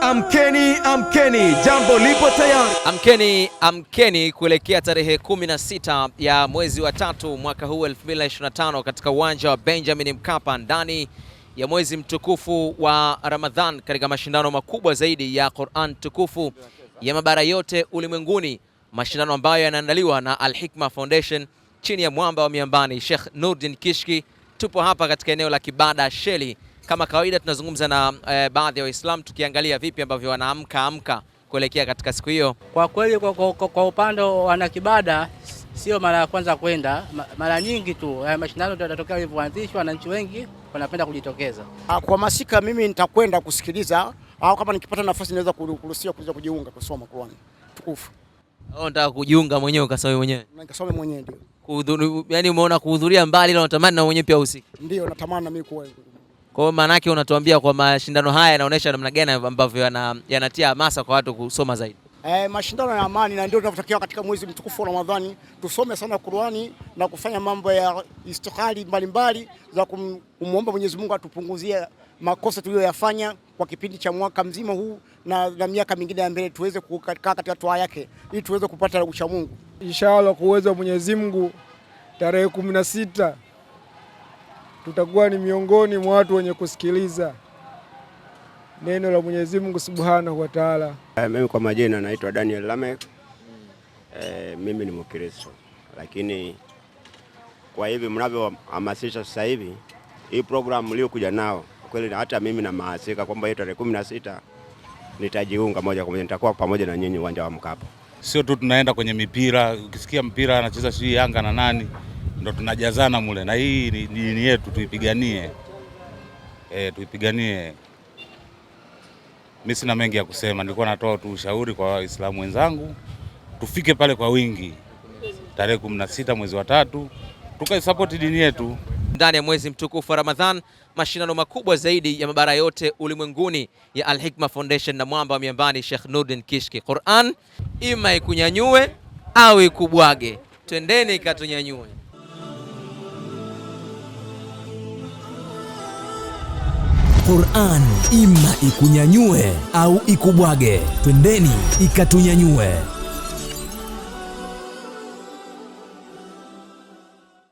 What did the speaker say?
Amkeni, amkeni, jambo lipo tayari. Amkeni, amkeni, kuelekea tarehe 16 ya mwezi wa tatu mwaka huu 2025 katika uwanja wa Benjamin Mkapa ndani ya mwezi mtukufu wa Ramadhan katika mashindano makubwa zaidi ya Quran tukufu ya mabara yote ulimwenguni, mashindano ambayo yanaandaliwa na Al Hikma Foundation chini ya mwamba wa miambani Sheikh Nurdin Kishki. Tupo hapa katika eneo la Kibada Sheli kama kawaida tunazungumza na eh, baadhi ya Waislamu tukiangalia vipi ambavyo wanaamka amka kuelekea katika siku hiyo. Kwa kweli kwa, kwa, kwa, kwa upande wa kibada sio mara ya kwanza kwenda, mara nyingi tu eh, mashindano yanatokea yalivyoanzishwa, wananchi wengi wanapenda kujitokeza. Ah, kwa masika mimi nitakwenda kusikiliza, au kama nikipata nafasi naweza kuruhusiwa kuja kujiunga kusoma Qur'an tukufu. Oh, nataka kujiunga mwenyewe ukasome mwenyewe. Na Nikasome mwenyewe ndio. Kuhudhuria, yani umeona kuhudhuria mbali na unatamani na mwenyewe pia usiki. Ndio, natamani na mimi kuwa hivyo. Kwa hiyo maana yake unatuambia kwa mashindano haya yanaonyesha namna gani ambavyo yanatia hamasa kwa watu kusoma zaidi. Eh, mashindano ya amani na ndio tunavyotakiwa katika mwezi mtukufu wa Ramadhani, tusome sana Qur'ani na kufanya mambo ya istikhari mbalimbali za kumuomba Mwenyezi Mungu atupunguzie makosa tuliyoyafanya kwa kipindi cha mwaka mzima huu na, na miaka mingine ya mbele tuweze kukaa katika toa yake ili tuweze kupata ucha Mungu. Inshallah kwa uwezo wa Mwenyezi Mungu tarehe kumi na sita tutakuwa ni miongoni mwa watu wenye kusikiliza neno la Mwenyezi Mungu Subhanahu wa Ta'ala. Eh, mimi kwa majina naitwa Daniel Lamek. E, mimi ni Mkristo, lakini kwa hivi mnavyohamasisha sasa hivi hii programu mliokuja nao kweli, hata mimi namaasika kwamba tarehe kumi na sita nitajiunga moja kwa moja, nitakuwa pamoja na nyinyi uwanja wa Mkapa. Sio tu tunaenda kwenye mipira, ukisikia mpira anacheza sijui Yanga na nani ndo tunajazana mule, na hii ni dini yetu, tuipiganie e, tuipiganie. Mimi sina mengi ya kusema, nilikuwa natoa tu ushauri kwa Waislamu wenzangu, tufike pale kwa wingi tarehe 16 mwezi wa tatu, tukaisapoti dini yetu ndani ya mwezi mtukufu wa Ramadhan. Mashindano makubwa zaidi ya mabara yote ulimwenguni ya Al Hikma Foundation na mwamba wa miambani Sheikh Nurdin Kishki, Quran ima ikunyanyue au ikubwage, twendeni ikatunyanyue. Qur'an ima ikunyanyue au ikubwage. Twendeni ikatunyanyue.